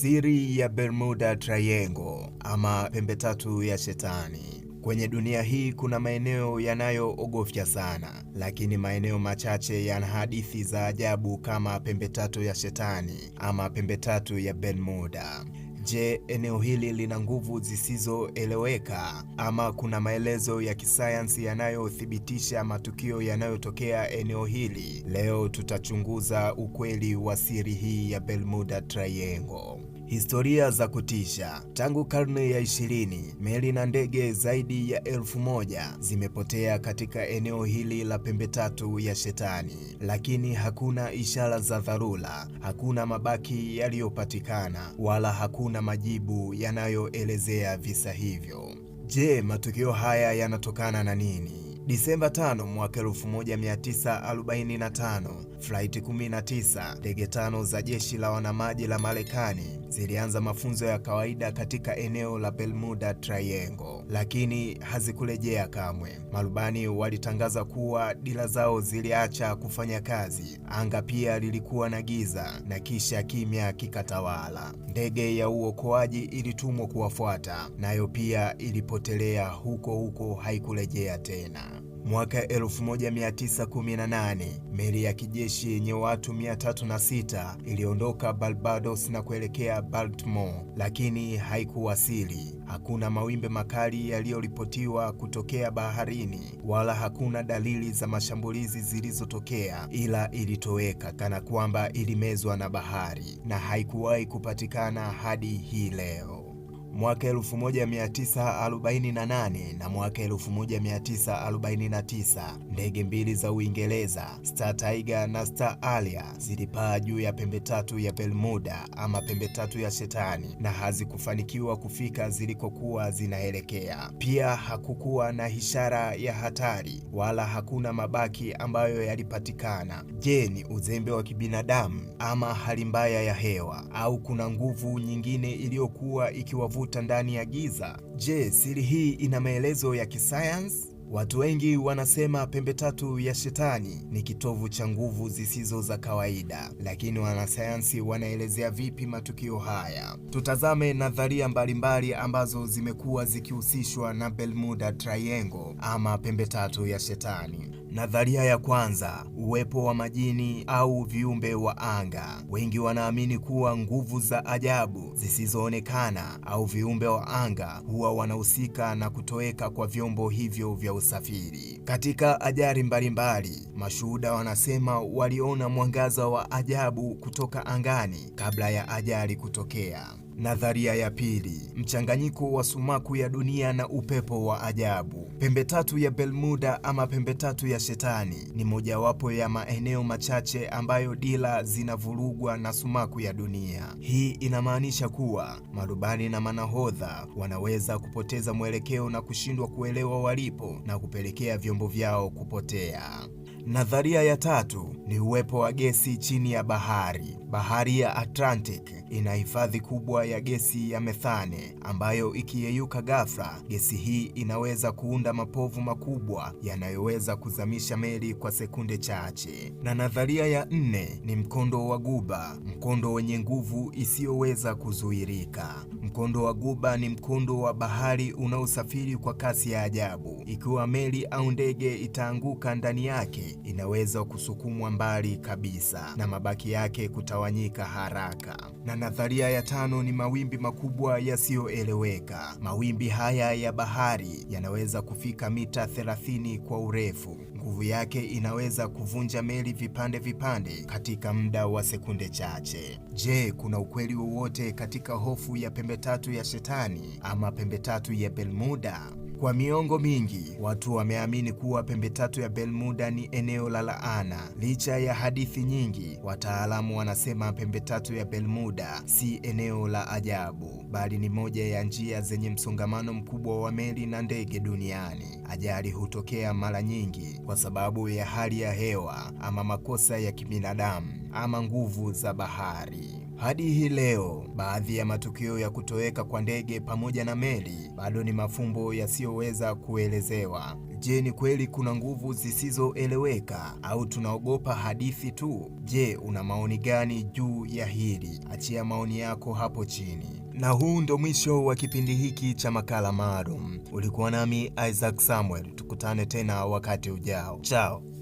Siri ya Bermuda Triangle ama pembe tatu ya shetani. Kwenye dunia hii kuna maeneo yanayoogofya sana, lakini maeneo machache yana hadithi za ajabu kama pembe tatu ya shetani ama pembe tatu ya Bermuda. Je, eneo hili lina nguvu zisizoeleweka ama kuna maelezo ya kisayansi yanayothibitisha matukio yanayotokea eneo hili? Leo tutachunguza ukweli wa siri hii ya Bermuda Triangle. Historia za kutisha. Tangu karne ya ishirini, meli na ndege zaidi ya elfu moja zimepotea katika eneo hili la pembe tatu ya Shetani, lakini hakuna ishara za dharura, hakuna mabaki yaliyopatikana, wala hakuna majibu yanayoelezea visa hivyo. Je, matukio haya yanatokana na nini? Disemba 5 mwaka 1945, flight 19 ndege tano za jeshi la wanamaji la Marekani zilianza mafunzo ya kawaida katika eneo la Bermuda Triangle, lakini hazikurejea kamwe. Marubani walitangaza kuwa dira zao ziliacha kufanya kazi. Anga pia lilikuwa na giza na kisha kimya kikatawala. Ndege ya uokoaji ilitumwa kuwafuata, nayo pia ilipotelea huko huko, haikurejea tena. Mwaka 1918 meli ya kijeshi yenye watu 306 iliondoka Barbados na kuelekea Baltimore, lakini haikuwasili. Hakuna mawimbi makali yaliyoripotiwa kutokea baharini wala hakuna dalili za mashambulizi zilizotokea, ila ilitoweka kana kwamba ilimezwa na bahari na haikuwahi kupatikana hadi hii leo mwaka 1948 na mwaka 1949, ndege mbili za Uingereza, Star Tiger na Star alia zilipaa juu ya pembe tatu ya Bermuda ama pembe tatu ya Shetani na hazikufanikiwa kufika zilikokuwa zinaelekea. Pia hakukuwa na ishara ya hatari wala hakuna mabaki ambayo yalipatikana. Je, ni uzembe wa kibinadamu ama hali mbaya ya hewa au kuna nguvu nyingine iliyokuwa ikiwavuta kuvuta ndani ya giza. Je, siri hii ina maelezo ya kisayansi? Watu wengi wanasema pembe tatu ya shetani ni kitovu cha nguvu zisizo za kawaida, lakini wanasayansi wanaelezea vipi matukio haya? Tutazame nadharia mbalimbali ambazo zimekuwa zikihusishwa na Bermuda Triangle ama pembe tatu ya shetani. Nadharia ya kwanza, uwepo wa majini au viumbe wa anga. Wengi wanaamini kuwa nguvu za ajabu zisizoonekana au viumbe wa anga huwa wanahusika na kutoweka kwa vyombo hivyo vya usafiri. Katika ajali mbalimbali, mashuhuda wanasema waliona mwangaza wa ajabu kutoka angani kabla ya ajali kutokea. Nadharia ya pili, mchanganyiko wa sumaku ya dunia na upepo wa ajabu. Pembe tatu ya Bermuda ama pembe tatu ya shetani ni mojawapo ya maeneo machache ambayo dila zinavurugwa na sumaku ya dunia. Hii inamaanisha kuwa marubani na manahodha wanaweza kupoteza mwelekeo na kushindwa kuelewa walipo na kupelekea vyombo vyao kupotea. Nadharia ya tatu ni uwepo wa gesi chini ya bahari. Bahari ya Atlantic ina hifadhi kubwa ya gesi ya methane ambayo ikiyeyuka ghafla, gesi hii inaweza kuunda mapovu makubwa yanayoweza kuzamisha meli kwa sekunde chache. Na nadharia ya nne ni mkondo wa Guba, mkondo wenye nguvu isiyoweza kuzuirika. Mkondo wa Guba ni mkondo wa bahari unaosafiri kwa kasi ya ajabu. Ikiwa meli au ndege itaanguka ndani yake, inaweza kusukumwa mbali kabisa na mabaki yake kutawanyika haraka. Na nadharia ya tano ni mawimbi makubwa yasiyoeleweka. Mawimbi haya ya bahari yanaweza kufika mita 30 kwa urefu. Nguvu yake inaweza kuvunja meli vipande vipande katika muda wa sekunde chache. Je, kuna ukweli wowote katika hofu ya pembe tatu ya Shetani ama pembe tatu ya Bermuda? Kwa miongo mingi watu wameamini kuwa pembe tatu ya Bermuda ni eneo la laana. Licha ya hadithi nyingi, wataalamu wanasema pembe tatu ya Bermuda si eneo la ajabu, bali ni moja ya njia zenye msongamano mkubwa wa meli na ndege duniani. Ajali hutokea mara nyingi kwa sababu ya hali ya hewa ama makosa ya kibinadamu ama nguvu za bahari. Hadi hii leo, baadhi ya matukio ya kutoweka kwa ndege pamoja na meli bado ni mafumbo yasiyoweza kuelezewa. Je, ni kweli kuna nguvu zisizoeleweka au tunaogopa hadithi tu? Je, una maoni gani juu ya hili? Achia maoni yako hapo chini. Na huu ndo mwisho wa kipindi hiki cha makala maalum. Ulikuwa nami Isaac Samuel, tukutane tena wakati ujao. Chao.